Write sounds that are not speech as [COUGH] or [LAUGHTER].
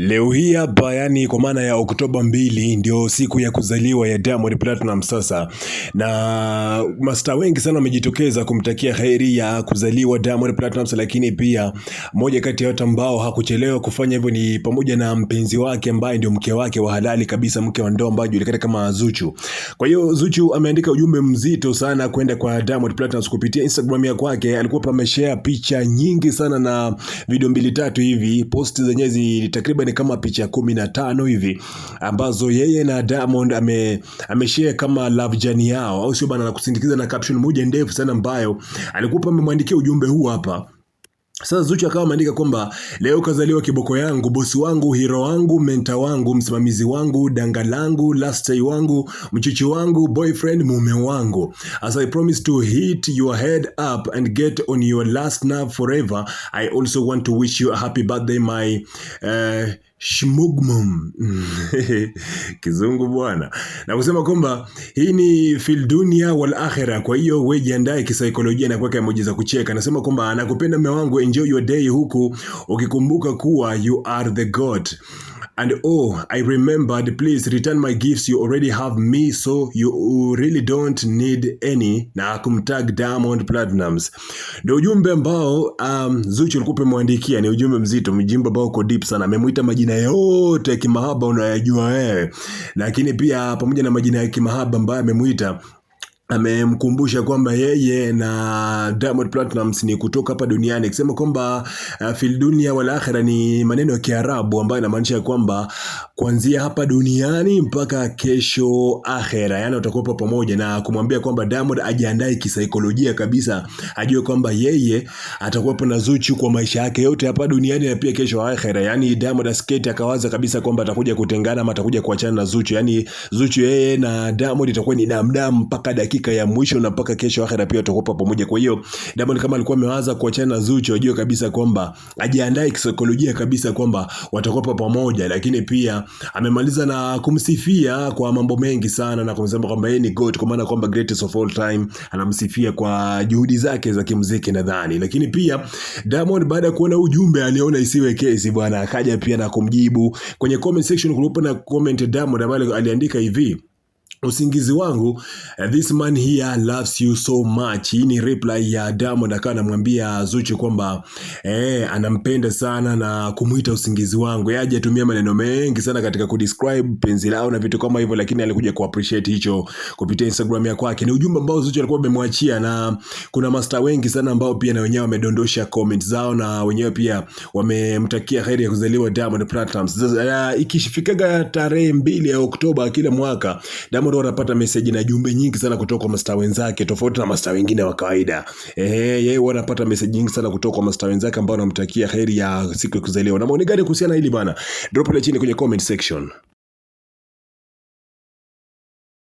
Leo hii hapa yani kwa maana ya Oktoba mbili ndio siku ya kuzaliwa ya Diamond Platinum sasa, na masta wengi sana wamejitokeza kumtakia heri ya kuzaliwa Diamond Platinum, lakini pia moja kati ya watu ambao hakuchelewa kufanya hivyo ni pamoja na mpenzi wake ambaye ndio mke wake wa halali kabisa, mke wa ndoa ambaye anajulikana kama Zuchu. Kwa hiyo Zuchu ameandika ujumbe mzito sana kwenda kwa Diamond Platinum kupitia Instagram ya kwake, alikuwa pameshare picha nyingi sana na video mbili tatu hivi, post zenyewe zilitakriban ni kama picha kumi na tano hivi ambazo yeye na Diamond ame ameshare kama love journey yao, au sio bana, na kusindikiza na caption moja ndefu sana ambayo alikuwa amemwandikia ujumbe huu hapa. Sasa Zuchu akawa ameandika kwamba leo kazaliwa kiboko yangu, bosi wangu, hero wangu, menta wangu, msimamizi wangu, danga langu, last day wangu, mchuchi wangu, boyfriend, mume wangu. As I promise to hit your head up and get on your last nerve forever, I also want to wish you a happy birthday my uh, Shmugmum [LAUGHS] kizungu bwana, na kusema kwamba hii ni fil dunia wal akhira. Kwa hiyo we jiandae kisaikolojia na kuweka emoji za kucheka. Anasema kwamba nakupenda mume wangu, enjoy your day, huku ukikumbuka kuwa you are the god. And oh, I remembered, please return my gifts, you already have me, so you really don't need any, na kumtag Diamond Platinums. Ndio ujumbe ambao um, Zuchu alikuwa mwandikia, Ni ujumbe mzito, mjimbo ambao uko deep sana. Amemuita majina yote ya kimahaba unayajua wewe, lakini pia pamoja na majina ya kimahaba ambayo amemuita amemkumbusha kwamba yeye na Diamond Platnumz ni kutoka hapa duniani, akisema kwamba uh, fil dunia wal akhira ni maneno ya Kiarabu ambayo inamaanisha kwamba kuanzia hapa duniani mpaka kesho akhera, yani utakuwa pamoja, na kumwambia kwamba Diamond ajiandae kisaikolojia kabisa, ajue kwamba yeye atakuwa na Zuchu kwa maisha yake yote hapa duniani na pia kesho akhera. Yani Diamond asiketi akawaza kabisa kwamba atakuja kutengana ama atakuja kuachana na Zuchu, yani Zuchu yeye na Diamond itakuwa ni damdam mpaka dakika dakika ya mwisho na mpaka kesho akhera pia utakuwa pamoja. Kwa hiyo Diamond kama alikuwa amewaza kuachana na Zuchu, ajue kabisa kwamba ajiandae kisaikolojia kabisa kwamba watakuwa pamoja, lakini pia amemaliza na kumsifia kwa mambo mengi sana na kumsema kwamba yeye ni god, kwa maana kwamba greatest of all time. Anamsifia kwa juhudi zake za kimuziki nadhani, lakini pia Diamond baada ya kuona ujumbe aliona isiwe kesi bwana, akaja pia na kumjibu kwenye comment section. kulipo na comment Diamond ambaye aliandika hivi usingizi wangu eh, this man here loves you so much. Hii ni reply ya Diamond akawa anamwambia Zuchu kwamba eh, anampenda sana na kumuita usingizi wangu. Yeye hajatumia maneno mengi sana katika kudescribe penzi lao na vitu kama hivyo, lakini alikuja kuappreciate hicho kupitia Instagram ya kwake. Ni ujumbe ambao Zuchu alikuwa amemwachia, na kuna masta wengi sana ambao pia na wenyewe wamedondosha comment zao na wenyewe pia wamemtakia heri ya kuzaliwa Diamond Platnumz. Eh, Ikishifikaga tarehe mbili ya Oktoba kila mwaka Diamond Diamond wanapata message na jumbe nyingi sana kutoka kwa mastaa wenzake tofauti na mastaa wengine wa kawaida. Eh, yeye wanapata message nyingi sana kutoka kwa mastaa wenzake ambao wanamtakia heri ya siku ya kuzaliwa. Na maoni gani kuhusiana hili bana? Drop ile chini kwenye comment section.